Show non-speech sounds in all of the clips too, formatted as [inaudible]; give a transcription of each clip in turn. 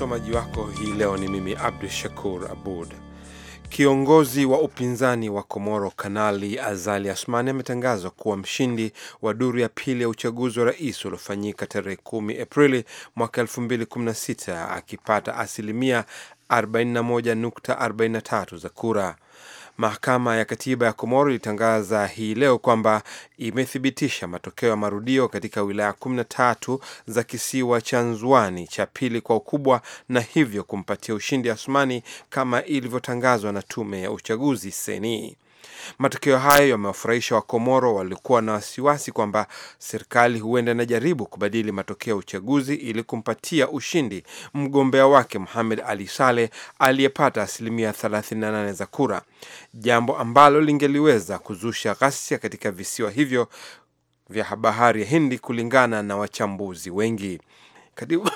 Msomaji wako hii leo ni mimi Abdu Shakur Abud. Kiongozi wa upinzani wa Komoro Kanali Azali Asmani ametangazwa kuwa mshindi wa duru ya pili ya uchaguzi wa rais uliofanyika tarehe kumi Aprili mwaka sita akipata asilimia 41.43 za kura. Mahakama ya Katiba ya Komoro ilitangaza hii leo kwamba imethibitisha matokeo ya marudio katika wilaya 13 za kisiwa cha Nzwani cha pili kwa ukubwa, na hivyo kumpatia ushindi Asmani kama ilivyotangazwa na tume ya uchaguzi seni Matokeo hayo yamewafurahisha Wakomoro waliokuwa na wasiwasi kwamba serikali huenda inajaribu kubadili matokeo ya uchaguzi ili kumpatia ushindi mgombea wake muhamed Ali Saleh aliyepata asilimia 38 za kura, jambo ambalo lingeliweza kuzusha ghasia katika visiwa hivyo vya bahari ya Hindi kulingana na wachambuzi wengi. Kadibu.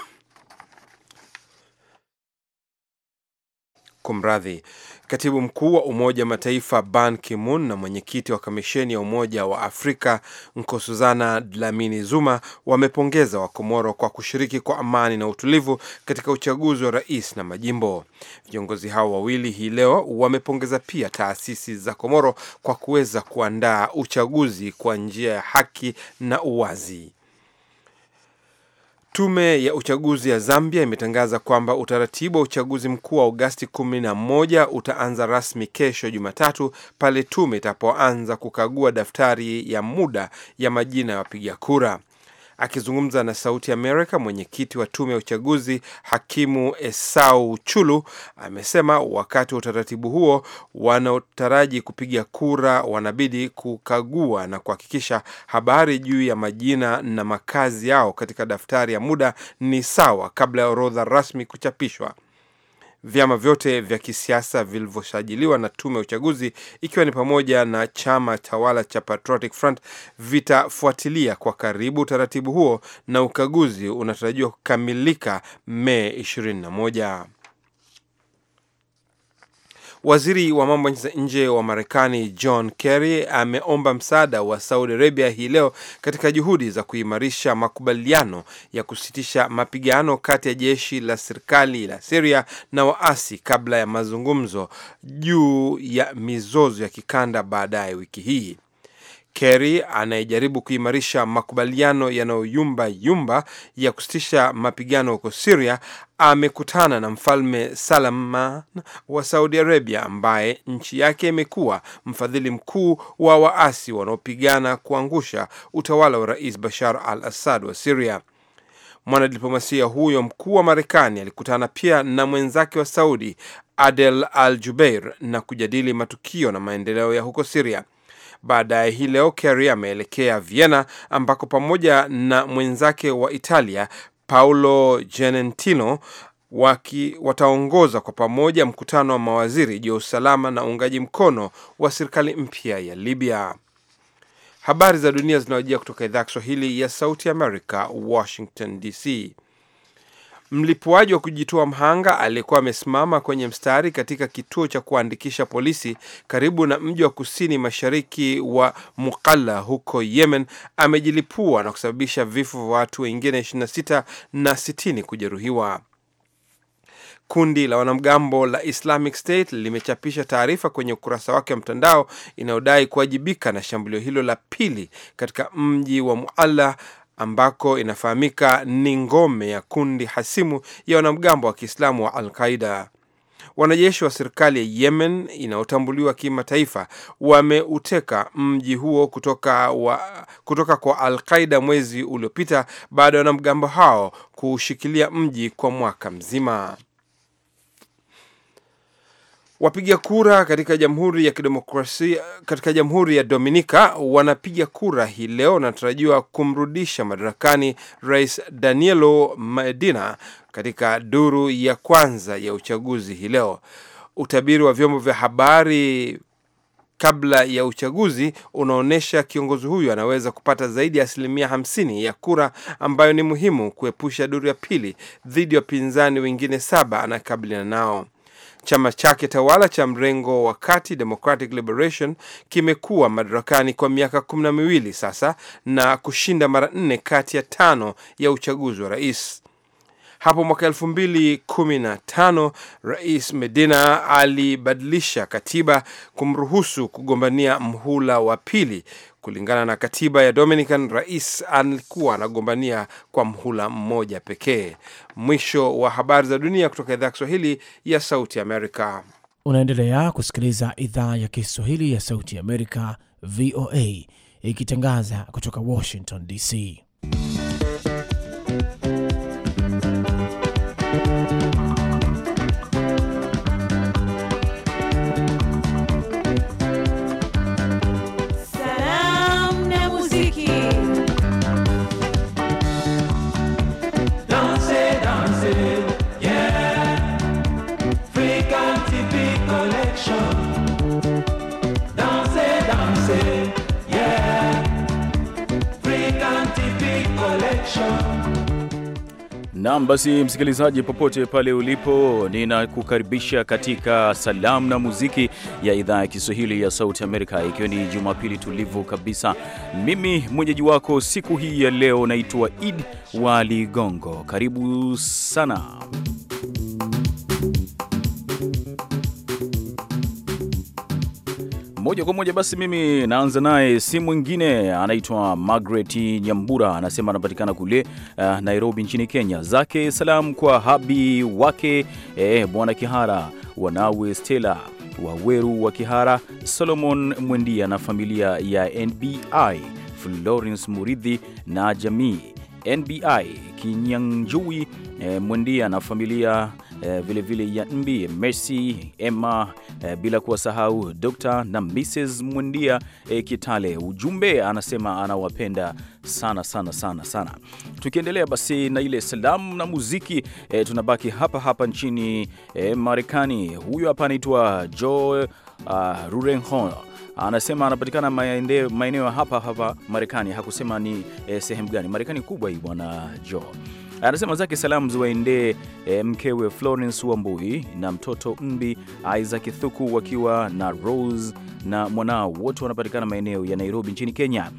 Kumradhi, katibu mkuu wa Umoja wa Mataifa Ban Ki-moon na mwenyekiti wa kamisheni ya Umoja wa Afrika nkosuzana Dlamini Zuma wamepongeza Wakomoro kwa kushiriki kwa amani na utulivu katika uchaguzi wa rais na majimbo. Viongozi hao wawili hii leo wamepongeza pia taasisi za Komoro kwa kuweza kuandaa uchaguzi kwa njia ya haki na uwazi. Tume ya uchaguzi ya Zambia imetangaza kwamba utaratibu wa uchaguzi mkuu wa Agosti 11 utaanza rasmi kesho Jumatatu pale tume itapoanza kukagua daftari ya muda ya majina ya wapiga kura. Akizungumza na Sauti Amerika, mwenyekiti wa tume ya uchaguzi hakimu Esau Chulu amesema wakati wa utaratibu huo wanaotaraji kupiga kura wanabidi kukagua na kuhakikisha habari juu ya majina na makazi yao katika daftari ya muda ni sawa kabla ya orodha rasmi kuchapishwa vyama vyote vya kisiasa vilivyosajiliwa na tume ya uchaguzi ikiwa ni pamoja na chama tawala cha Patriotic Front vitafuatilia kwa karibu utaratibu huo na ukaguzi unatarajiwa kukamilika Mei 21. Waziri wa mambo ya nje wa Marekani John Kerry ameomba msaada wa Saudi Arabia hii leo katika juhudi za kuimarisha makubaliano ya kusitisha mapigano kati ya jeshi la serikali la siria na waasi kabla ya mazungumzo juu ya mizozo ya kikanda baadaye wiki hii. Kerry anayejaribu kuimarisha makubaliano yanayoyumba yumba ya kusitisha mapigano huko Syria amekutana na Mfalme Salman wa Saudi Arabia ambaye nchi yake imekuwa mfadhili mkuu wa waasi wanaopigana kuangusha utawala wa Rais Bashar al-Assad wa Syria. Mwanadiplomasia huyo mkuu wa Marekani alikutana pia na mwenzake wa Saudi Adel Al Jubeir na kujadili matukio na maendeleo ya huko Siria. Baadaye hii leo Kerry ameelekea Vienna ambako pamoja na mwenzake wa Italia Paolo Genentino waki wataongoza kwa pamoja mkutano wa mawaziri juu ya usalama na uungaji mkono wa serikali mpya ya Libya. Habari za dunia zinawajia kutoka idhaa ya Kiswahili ya Sauti Amerika, Washington DC. Mlipuaji wa kujitoa mhanga aliyekuwa amesimama kwenye mstari katika kituo cha kuandikisha polisi karibu na mji wa kusini mashariki wa Mukalla huko Yemen amejilipua na kusababisha vifo vya watu wengine 26 na 60 kujeruhiwa. Kundi la wanamgambo la Islamic State limechapisha taarifa kwenye ukurasa wake wa mtandao inayodai kuwajibika na shambulio hilo la pili katika mji wa Mualla ambako inafahamika ni ngome ya kundi hasimu ya wanamgambo wa Kiislamu wa Al-Qaida. Wanajeshi wa serikali ya Yemen inayotambuliwa kimataifa wameuteka mji huo kutoka, wa, kutoka kwa Al-Qaida mwezi uliopita baada ya wanamgambo hao kuushikilia mji kwa mwaka mzima. Wapiga kura katika Jamhuri ya Kidemokrasia katika Jamhuri ya Dominika wanapiga kura hii leo, wanatarajiwa kumrudisha madarakani Rais Danilo Medina katika duru ya kwanza ya uchaguzi hii leo. Utabiri wa vyombo vya habari kabla ya uchaguzi unaonyesha kiongozi huyu anaweza kupata zaidi ya asilimia hamsini ya kura ambayo ni muhimu kuepusha duru ya pili dhidi ya wapinzani wengine saba anakabiliana nao. Chama chake tawala cha mrengo wa kati Democratic Liberation kimekuwa madarakani kwa miaka kumi na miwili sasa na kushinda mara nne kati ya tano ya uchaguzi wa rais. Hapo mwaka elfu mbili kumi na tano Rais Medina alibadilisha katiba kumruhusu kugombania mhula wa pili Kulingana na katiba ya Dominican, rais alikuwa anagombania kwa mhula mmoja pekee. Mwisho wa habari za dunia kutoka idhaa ya Kiswahili ya Sauti Amerika. Unaendelea kusikiliza idhaa ya Kiswahili ya Sauti Amerika, VOA, ikitangaza kutoka Washington DC. Naam, basi msikilizaji, popote pale ulipo, ninakukaribisha katika salamu na muziki ya idhaa ya Kiswahili ya Sauti Amerika, ikiwa ni Jumapili tulivu kabisa. Mimi mwenyeji wako siku hii ya leo naitwa Id wa Ligongo. Karibu sana. moja kwa moja basi, mimi naanza naye, si mwingine anaitwa Margaret Nyambura, anasema anapatikana kule uh, Nairobi nchini Kenya. Zake salam kwa habi wake eh, bwana Kihara, wanawe Stella Waweru wa Kihara, Solomon Mwendia na familia ya NBI, Florence Muridhi na jamii NBI Kinyanjui, eh, Mwendia na familia vilevile eh, vile Yanmbi, Mercy, Emma, eh, bila kuwasahau Dr. na Mrs. Mwendia eh, Kitale. Ujumbe anasema anawapenda sana sana sana sana. Tukiendelea basi na ile salamu na muziki e, tunabaki hapa hapa nchini e, Marekani. Huyu hapa anaitwa Joe uh, ah, Rurenhon anasema anapatikana maeneo hapa hapa Marekani. Hakusema ni e, sehemu gani Marekani kubwa hii bwana Joe Anasema zake salamu ziwaendee eh, mkewe Florence Wambui na mtoto Mbi Isaac Thuku wakiwa na Rose na mwanao, wote wanapatikana maeneo ya Nairobi nchini Kenya.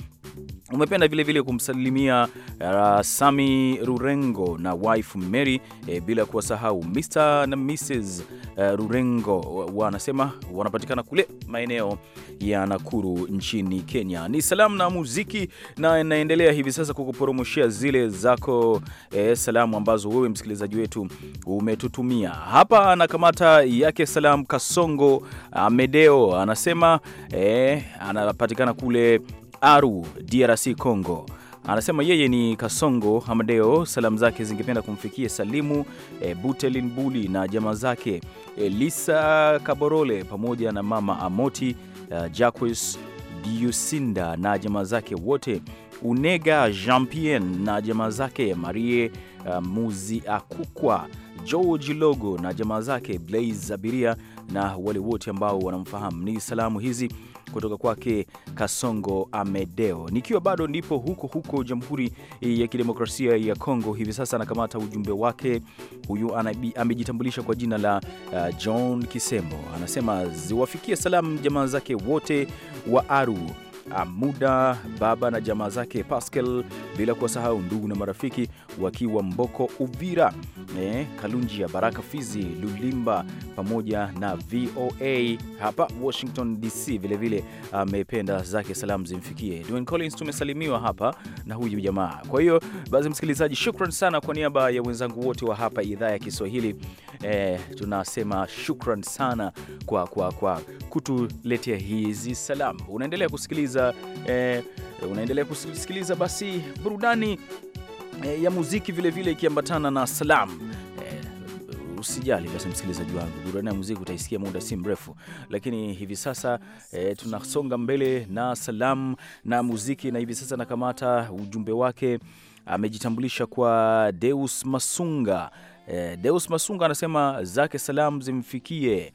Umependa vile vile kumsalimia uh, Sami Rurengo na wife Mary eh, bila kuwasahau Mr na Mrs uh, Rurengo wanasema wanapatikana kule maeneo ya Nakuru nchini Kenya. Ni salamu na muziki, na naendelea hivi sasa kukuporomoshia zile zako eh, salamu ambazo wewe msikilizaji wetu umetutumia hapa. Anakamata yake salamu Kasongo Amedeo, anasema eh, anapatikana kule Aru, DRC Congo. Anasema yeye ni Kasongo Hamadeo. Salamu zake zingependa kumfikia Salimu e, Butelin Buli na jamaa zake Elisa eh, Kaborole pamoja na mama Amoti uh, Jacques Diusinda na jamaa zake wote, Unega Jampien na jamaa zake Marie uh, Muzi Akukwa George Logo na jamaa zake Blaze Abiria na wale wote ambao wanamfahamu. Ni salamu hizi kutoka kwake Kasongo Amedeo. Nikiwa bado ndipo huko huko Jamhuri ya Kidemokrasia ya Kongo, hivi sasa anakamata ujumbe wake. Huyu amejitambulisha kwa jina la uh, John kisembo anasema ziwafikie salamu jamaa zake wote wa Aru Ah, muda Baba na jamaa zake Pascal, bila kuwasahau ndugu na marafiki wakiwa Mboko, Uvira, eh, Kalunji ya Baraka, Fizi, Lulimba, pamoja na VOA hapa Washington DC. Vilevile ah, amependa zake salamu zimfikie Dwayne Collins, tumesalimiwa hapa na huyu jamaa. Kwa hiyo basi, msikilizaji, shukran sana kwa niaba ya wenzangu wote wa hapa idhaa ya Kiswahili eh, tunasema shukran sana kwa, kwa, kwa kutuletea hizi salamu. Unaendelea kusikiliza kusikiliza eh, unaendelea kusikiliza basi burudani eh, ya muziki vilevile ikiambatana na salam eh, Usijali basi msikilizaji wangu, burudani ya muziki utaisikia muda si mrefu, lakini hivi sasa e, tunasonga mbele na salam na muziki, na hivi sasa nakamata ujumbe wake. Amejitambulisha kwa Deus Masunga. E, Deus Masunga anasema zake salam zimfikie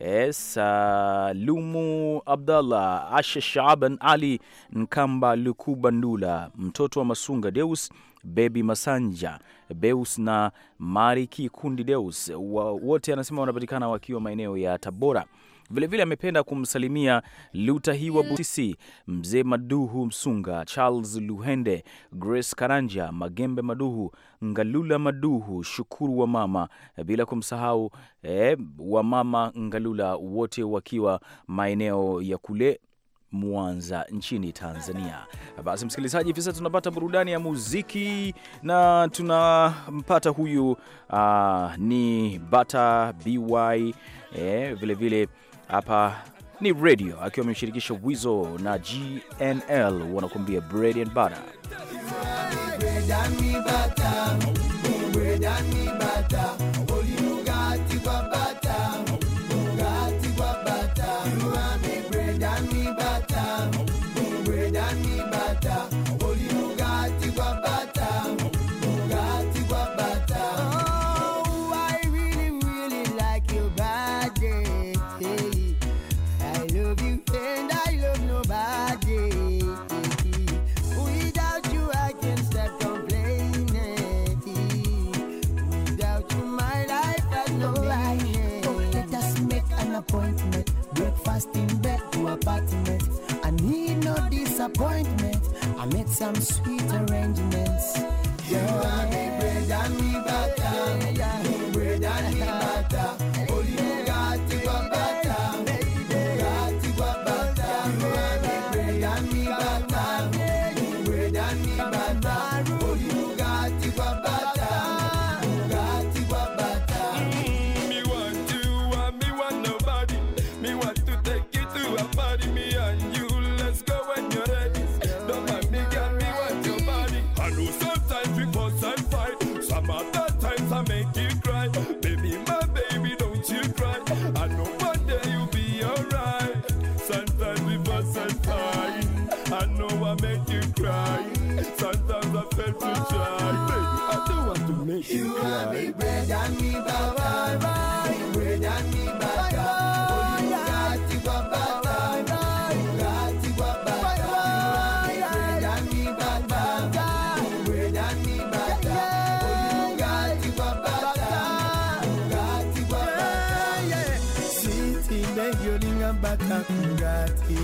E, Salumu Abdallah Asha Shaaban Ali Nkamba Lukuba Ndula mtoto wa Masunga Deus Bebi Masanja Beus na Mariki Kundi Deus wote anasema wanapatikana wakiwa maeneo ya Tabora. Vilevile amependa kumsalimia Hiwa Busisi, Mzee Maduhu Msunga, Charles Luhende, Grace Karanja, Magembe Maduhu, Ngalula Maduhu, Shukuru wa mama, bila kumsahau eh, wa mama Ngalula, wote wakiwa maeneo ya kule Mwanza nchini Tanzania. Basi msikilizaji, hivi sasa tunapata burudani ya muziki na tunampata huyu uh, ni Bata BY eh, vilevile hapa ni radio akiwa amemshirikisha Wizo na GNL wanakuambia bread and butter. some sweet arrangements. You are the bread and me butter, yeah, yeah. bread and me butter. Oh, you got to go butter, you got to go butter. You are the bread and me butter. tolinga bata kungati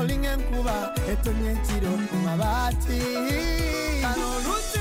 olinga nkuba etonyekiro ku mabaati kano luti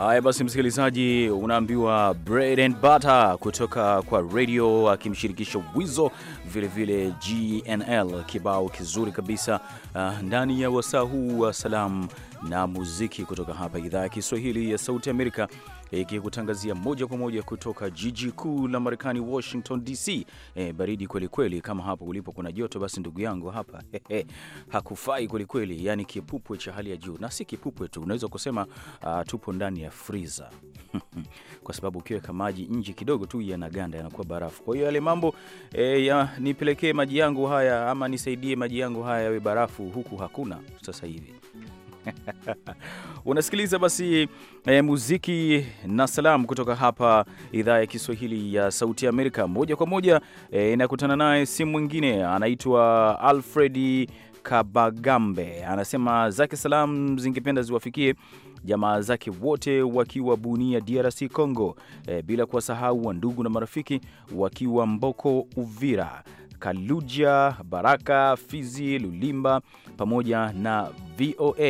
Haya basi, msikilizaji, unaambiwa bread and butter kutoka kwa radio akimshirikisha Wizo, vilevile GNL, kibao kizuri kabisa uh, ndani ya wasaa huu wa salamu na muziki kutoka hapa idhaa ya Kiswahili ya Sauti Amerika ikikutangazia moja kwa moja kutoka jiji kuu la Marekani, Washington DC. E, eh, baridi kwelikweli kweli. Kama hapo ulipo kuna joto, basi ndugu yangu hapa [laughs] he, he, hakufai kwelikweli, yani kipupwe cha hali ya juu, na si kipupwe tu, unaweza kusema uh, tupo ndani ya friza [laughs] kwa sababu ukiweka maji nje kidogo tu yanaganda, yanakuwa barafu. Kwa hiyo yale mambo e, ya, nipelekee maji yangu haya ama nisaidie maji yangu haya yawe barafu, huku hakuna sasa hivi. [laughs] Unasikiliza basi e, muziki na salamu kutoka hapa idhaa ya Kiswahili ya Sauti ya Amerika moja kwa moja. E, inakutana naye si mwingine anaitwa Alfredi Kabagambe, anasema zake salamu zingependa ziwafikie jamaa zake wote wakiwa Bunia, DRC Congo, e, bila kuwasahau wa ndugu na marafiki wakiwa Mboko, Uvira, Kaluja, Baraka, Fizi, Lulimba pamoja na VOA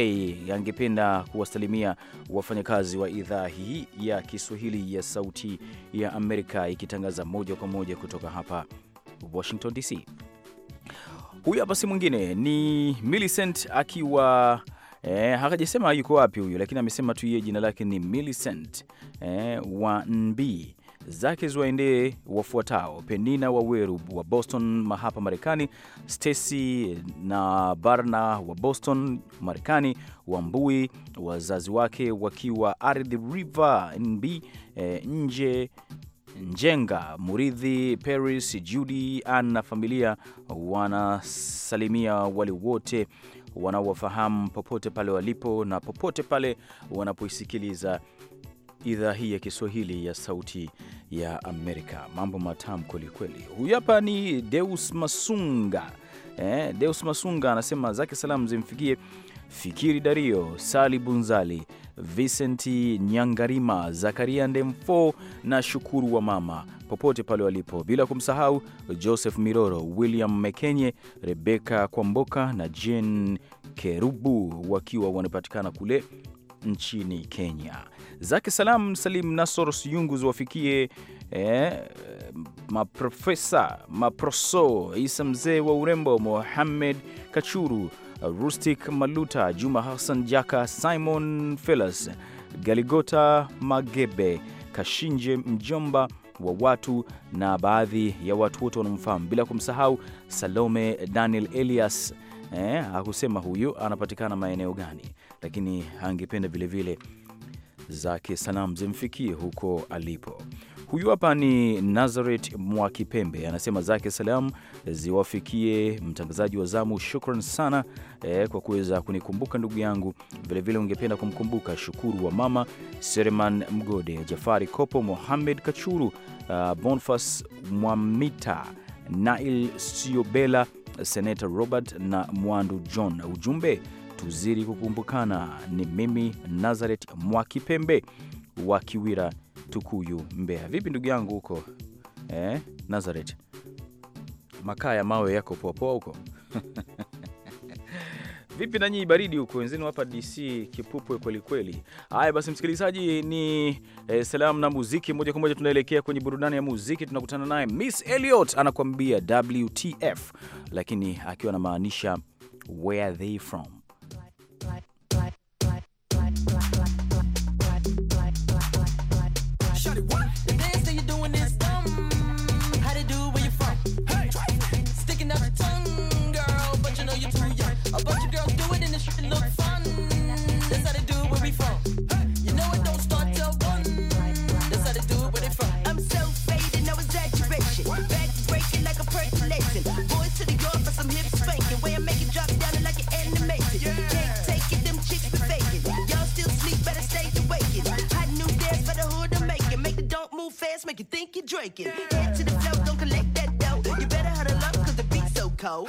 yangependa kuwasalimia wafanyakazi wa idhaa hii ya Kiswahili ya Sauti ya Amerika ikitangaza moja kwa moja kutoka hapa Washington DC. Huyu hapa si mwingine ni Millicent akiwa Eh, hakajasema yuko wapi huyu lakini amesema tu yeye jina lake ni Millicent eh, wa NB zake ziwaendee wafuatao: Penina Waweru wa Boston hapa Marekani, Stacy na Barna wa Boston Marekani, Wambui wazazi wake wakiwa Ardhi River NB, e, eh, nje Njenga Muridhi, Paris Judy Ann na familia wanasalimia wale wote wanaowafahamu popote pale walipo na popote pale wanapoisikiliza idhaa hii ya Kiswahili ya Sauti ya Amerika. Mambo matamu kwelikweli. Huyu hapa ni Deus Masunga. Eh, Deus Masunga anasema zake salamu zimfikie Fikiri Dario, Sali Bunzali, Vicenti Nyangarima, Zakaria Ndemfo na Shukuru wa mama popote pale walipo, bila kumsahau Joseph Miroro, William Mekenye, Rebeka Kwamboka na jen Kerubu wakiwa wanapatikana kule nchini Kenya zake salam Salim Nasor Siyungu ziwafikie eh, maprofesa maproso Isa mzee wa urembo Mohamed Kachuru Rustic Maluta Juma Hassan Jaka Simon Felas Galigota Magebe Kashinje mjomba wa watu na baadhi ya watu wote wanamfahamu, bila kumsahau Salome Daniel Elias. Eh, hakusema huyu anapatikana maeneo gani, lakini angependa vilevile zake salamu zimfikie huko alipo. Huyu hapa ni Nazaret Mwakipembe, anasema zake salamu ziwafikie mtangazaji wa zamu. Shukran sana eh, kwa kuweza kunikumbuka ndugu yangu. Vilevile ungependa kumkumbuka Shukuru wa mama Sereman Mgode, Jafari Kopo, Mohamed Kachuru, uh, Bonfas Mwamita, Nail Siobela, Senata Robert na Mwandu John. Ujumbe tuzidi kukumbukana. Ni mimi nazaret Mwakipembe wa Kiwira, Tukuyu, Mbeya. Vipi ndugu yangu huko eh, Nazaret? Makaa ya mawe yako poapoa huko [laughs] Vipi na nyinyi, baridi huko? Wenzenu hapa DC kipupwe kwelikweli. Haya basi, msikilizaji, ni eh, salamu na muziki. Moja kwa moja tunaelekea kwenye burudani ya muziki, tunakutana naye Miss Elliot anakuambia WTF, lakini akiwa anamaanisha where they from. drinking. Head to the flow, don't collect that dough. You better huddle up, cause the beat's so cold.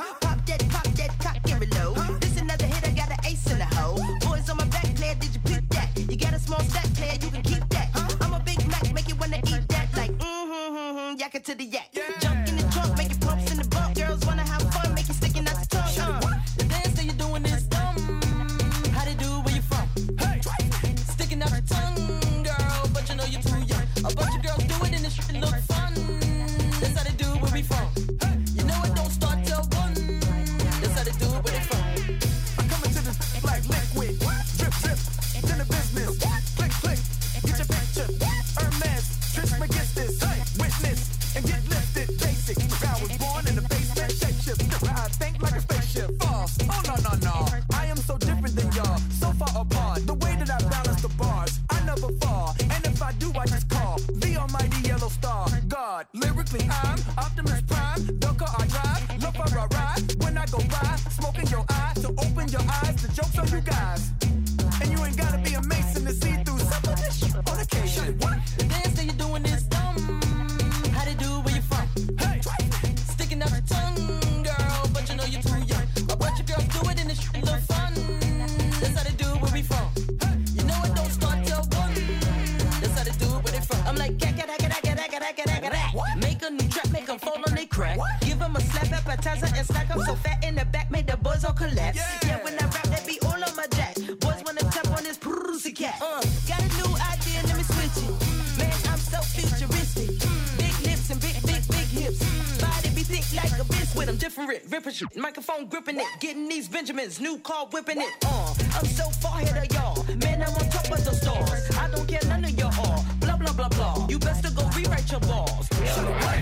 with them, different, ripping shit. Microphone gripping it, getting these Benjamins, new car whipping it. Uh, I'm so far ahead of y'all. Man, I'm on top of the stars. I don't care none of your all Blah, blah, blah, blah. You best to go rewrite your balls. So what?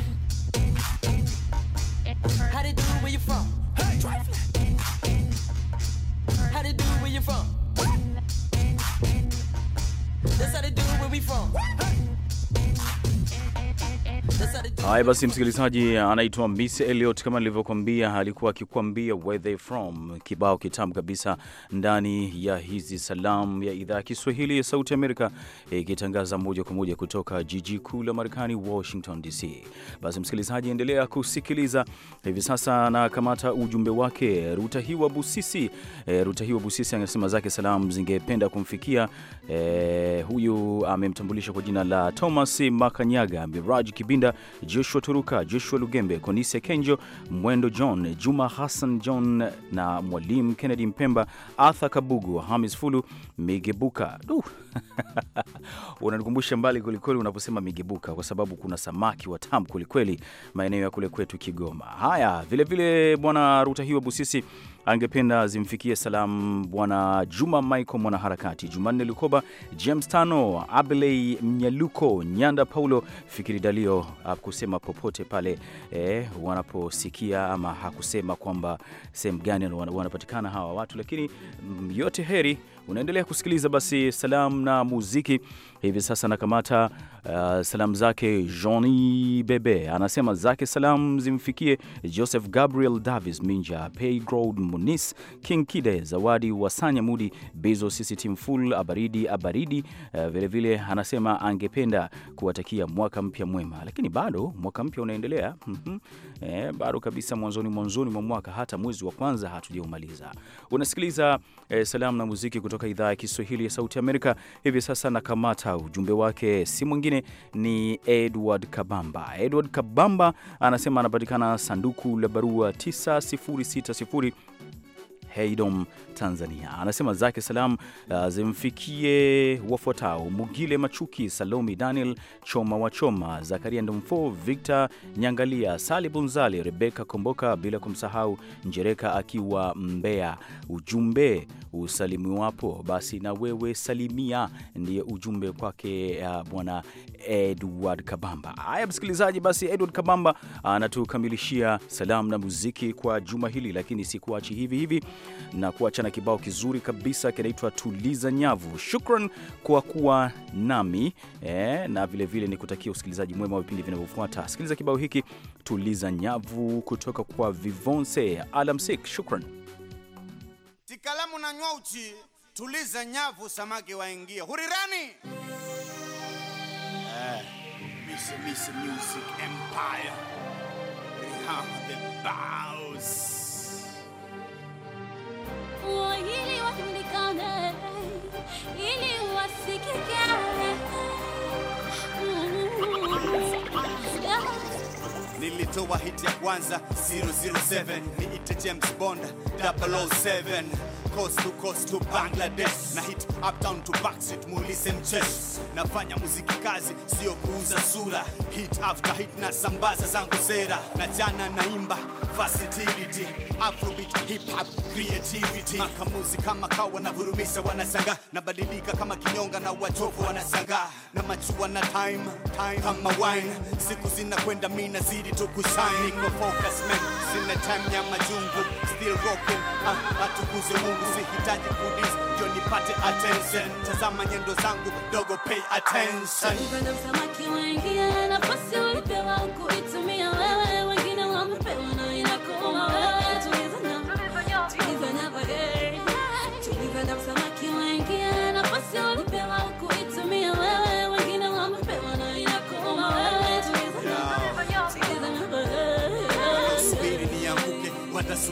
How they do where you from? Hey. How they do where you from? That's how they do where we from. Hey. Haya basi, msikilizaji, anaitwa Miss Elliot kama nilivyokuambia, alikuwa akikuambia where they from, kibao kitamu kabisa ndani ya hizi salamu ya idhaa ya Kiswahili ya Sauti Amerika, ikitangaza moja kwa moja kutoka jiji kuu la Marekani, Washington DC. Basi msikilizaji, endelea kusikiliza hivi sasa anakamata ujumbe wake Ruta Hiwa Busisi. E, eh, Ruta Hiwa Busisi anasema zake salamu zingependa kumfikia e, huyu amemtambulisha kwa jina la Thomas Makanyaga, Miraji Kibinda Kawaida, Joshua Turuka, Joshua Lugembe, Konise Kenjo, Mwendo John, Juma Hassan John na Mwalimu Kennedy Mpemba, Arthur Kabugu, Hamis Fulu, Migebuka. [laughs] Unanikumbusha mbali kwelikweli unaposema Migebuka, kwa sababu kuna samaki wa tamu kwelikweli maeneo ya kule kwetu Kigoma. Haya, vilevile Bwana Ruta hiwa Busisi angependa zimfikie salamu Bwana Juma Michael mwanaharakati, Jumanne Lukoba, James Tano, Abley Mnyaluko, Nyanda Paulo, Fikiri Dalio. akusema popote pale eh, wanaposikia ama hakusema kwamba sehemu gani wanapatikana hawa watu, lakini mm, yote heri. Unaendelea kusikiliza basi salamu na muziki Hivi sasa nakamata uh, salamu zake Johnny Bebe, anasema zake salamu zimfikie Joseph Gabriel Davis Minja, Paygrold Munis, King Kide, Zawadi Wasanya, Mudi Bezo, Team Full, Abaridi Abaridi. Uh, vilevile anasema angependa kuwatakia mwaka mpya mwema, lakini bado mwaka mpya unaendelea mhm. eh, bado kabisa mwanzoni mwanzoni mwa mwaka, hata mwezi wa kwanza hatujaumaliza. Unasikiliza eh, salamu na muziki kutoka idhaa ya Kiswahili ya Sauti Amerika. Hivi sasa nakamata Twitter. Ujumbe wake si mwingine ni Edward Kabamba. Edward Kabamba anasema anapatikana sanduku la barua 9060 Heydom, Tanzania. Anasema zake salamu uh, zimfikie wafuatao: Mugile Machuki, Salomi Daniel, Choma wa Choma, Zakaria Ndomfo, Victor Nyangalia, Sali Bunzali, Rebeka Komboka, bila kumsahau Njereka akiwa Mbeya. Ujumbe usalimiwapo basi na wewe salimia, ndiye ujumbe kwake uh, bwana Edward Kabamba. Haya msikilizaji, basi Edward Kabamba anatukamilishia salamu na muziki kwa juma hili, lakini sikuachi hivi hivi na kuachana kibao kizuri kabisa kinaitwa tuliza nyavu. Shukran kwa kuwa nami e, na vilevile ni kutakia usikilizaji mwema wa vipindi vinavyofuata. Sikiliza kibao hiki tuliza nyavu kutoka kwa Vivonse. Alamsik, shukran. Tikalamu na nywauchi. tuliza nyavu, samaki waingie hurirani. Uh, Music Empire. have the Bows ili wasimlikane, ili wasikike. Nilitoa hit ya kwanza 007 niite James Bond 007 coast to coast to Bangladesh na hit uptown to backstreet mulise mchesh, Nafanya muziki kazi, sio kuuza sura. Hit after hit na sambaza zangu sera na jana naimba versatility afrobeat hip hop creativity makamuzi kama kawa wanavurumisa wanasanga nabadilika kama kinyonga na watovu wanasanga na machua na time, time kama wine siku zinakwenda mi nazidi tu kushine niko focus man sina time ya majungu still rocking ah, atukuze mungu sihitaji kudis ndio nipate attention tazama nyendo zangu dogo pay attention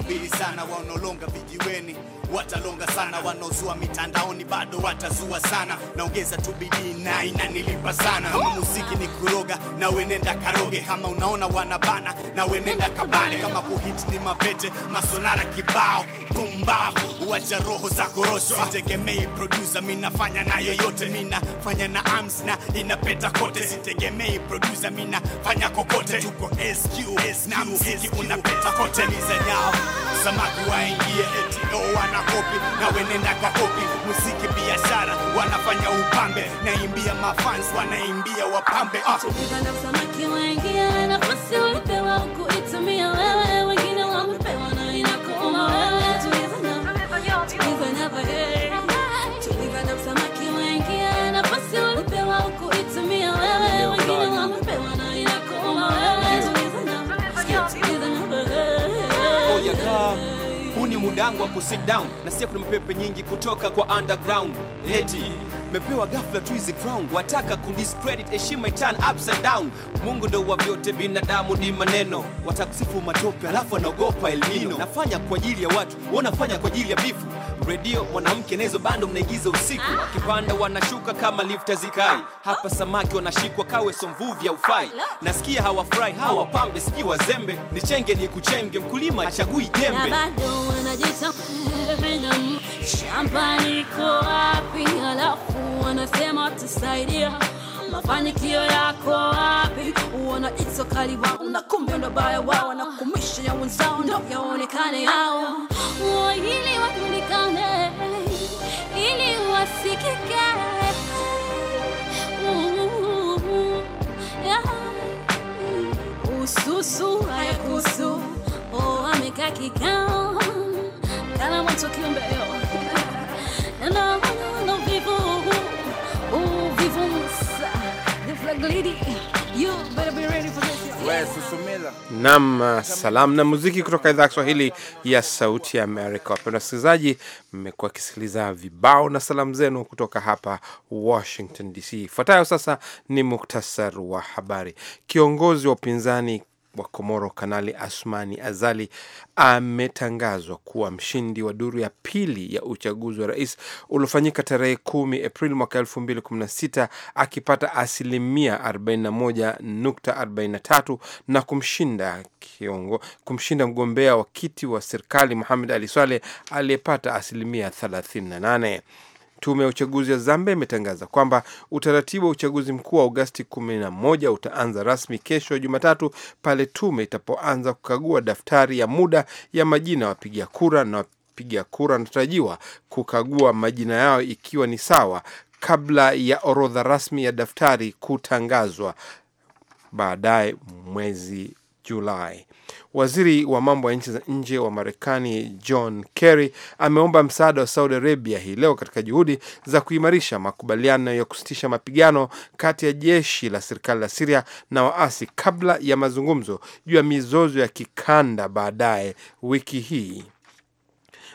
wasafiri sana wanolonga vijiweni watalonga sana, wanaozua mitandaoni bado watazua sana. Naongeza tu bidii na inanilipa sana. Kama muziki ni kuroga, na wenenda karoge. Kama unaona wanabana, na wenenda kabale. Kama kuhit ni mapete, masonara kibao, pumbavu, uacha roho za korosho. Sitegemei producer, mi nafanya na yoyote, mi nafanya na arms na inapeta kote. Sitegemei producer, mi nafanya kokote. Tuko SQ, na muziki unapeta kote. Miza samaki waingie eti oh, wana makopi na wenenda kwa kopi, muziki biashara, wanafanya upambe, naimbia mafans wanaimbia wapambe uh. yangu wa kusit down na siya kuna mapepe nyingi kutoka kwa underground eti mepewa ghafla tu hizi crown, wataka kudiscredit heshima itan ups and down. Mungu ndo wavyote binadamu ni maneno, watakusifu matope, alafu wanaogopa elmino Nafanya kwa ajili ya watu, wanafanya kwa ajili ya bifu. Redio mwanamke nazo bando mnaigiza usiku, kipanda wanashuka kama lifta zikai. Hapa samaki wanashikwa kawe, somvuvi ya ufai Nasikia hawafurahi hawa pambe, sijui wazembe, nichenge ni kuchenge, mkulima achagui jembe shamba liko wapi? Halafu wanasema tusaidia, mafanikio yako wapi? Uona itso kali wao na kumbe ndo baya wao, na kumisha ya wenzao ndo yaonekane yao, ili wajulikane, ili wasikike ususu hayakusu, oh, amekaa kikao kama mwacho kiumbe Nam salamu na muziki kutoka idhaa ya Kiswahili ya Sauti ya Amerika. Wapenda wasikilizaji, mmekuwa akisikiliza vibao na salamu zenu kutoka hapa Washington DC. Ifuatayo sasa ni muktasar wa habari. Kiongozi wa upinzani wa Komoro Kanali Asmani Azali ametangazwa kuwa mshindi wa duru ya pili ya uchaguzi wa rais uliofanyika tarehe kumi Aprili mwaka sita akipata asilimia arobaini na kumshinda kiongo, kumshinda mgombea wa kiti wa serikali Muhamed Ali Swaleh aliyepata asilimia nane. Tume ya uchaguzi ya Zambia imetangaza kwamba utaratibu wa uchaguzi mkuu wa Agosti 11 utaanza rasmi kesho Jumatatu pale tume itapoanza kukagua daftari ya muda ya majina ya wapiga kura, na wapiga kura wanatarajiwa kukagua majina yao ikiwa ni sawa kabla ya orodha rasmi ya daftari kutangazwa baadaye mwezi Julai. Waziri wa mambo ya nchi za nje wa Marekani John Kerry ameomba msaada wa Saudi Arabia hii leo katika juhudi za kuimarisha makubaliano ya kusitisha mapigano kati ya jeshi la serikali la Siria na waasi kabla ya mazungumzo juu ya mizozo ya kikanda baadaye wiki hii.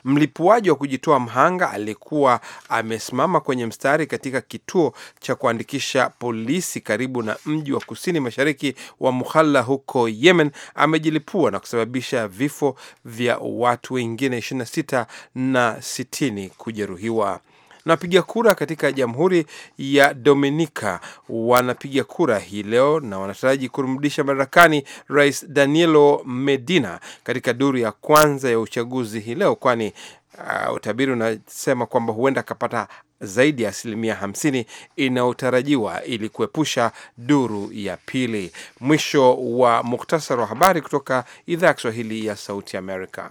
Mlipuaji wa kujitoa mhanga alikuwa amesimama kwenye mstari katika kituo cha kuandikisha polisi karibu na mji wa kusini mashariki wa Mukalla huko Yemen, amejilipua na kusababisha vifo vya watu wengine 26 na 60 kujeruhiwa na wapiga kura katika Jamhuri ya Dominika wanapiga kura hii leo na wanataraji kurudisha madarakani Rais Danilo Medina katika duru ya kwanza ya uchaguzi hii leo, kwani uh, utabiri unasema kwamba huenda akapata zaidi ya asilimia hamsini inayotarajiwa ili kuepusha duru ya pili. Mwisho wa muktasari wa habari kutoka idhaa ya Kiswahili ya Sauti Amerika.